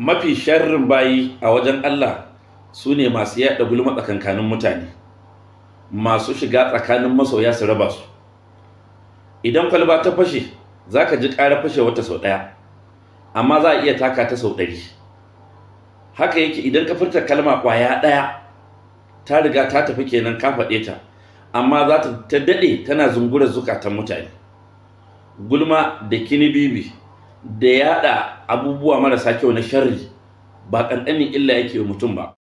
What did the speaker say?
mafi sharrin bayi a wajen Allah su ne masu yaɗa gulma tsakankanin mutane masu shiga tsakanin masoya su raba su idan kwalba ta fashe za ka ji ƙara fashe wata sau ɗaya amma za a iya taka ta sau ɗari haka yake idan ka furta kalma ƙwaya ɗaya ta riga ta tafi kenan ka faɗe ta amma za ta daɗe tana zungura zukatan mutane gulma da kini bibi da yaɗa abubuwa marasa kyau na sharri ba ƙanƙanin illa yake wa mutum ba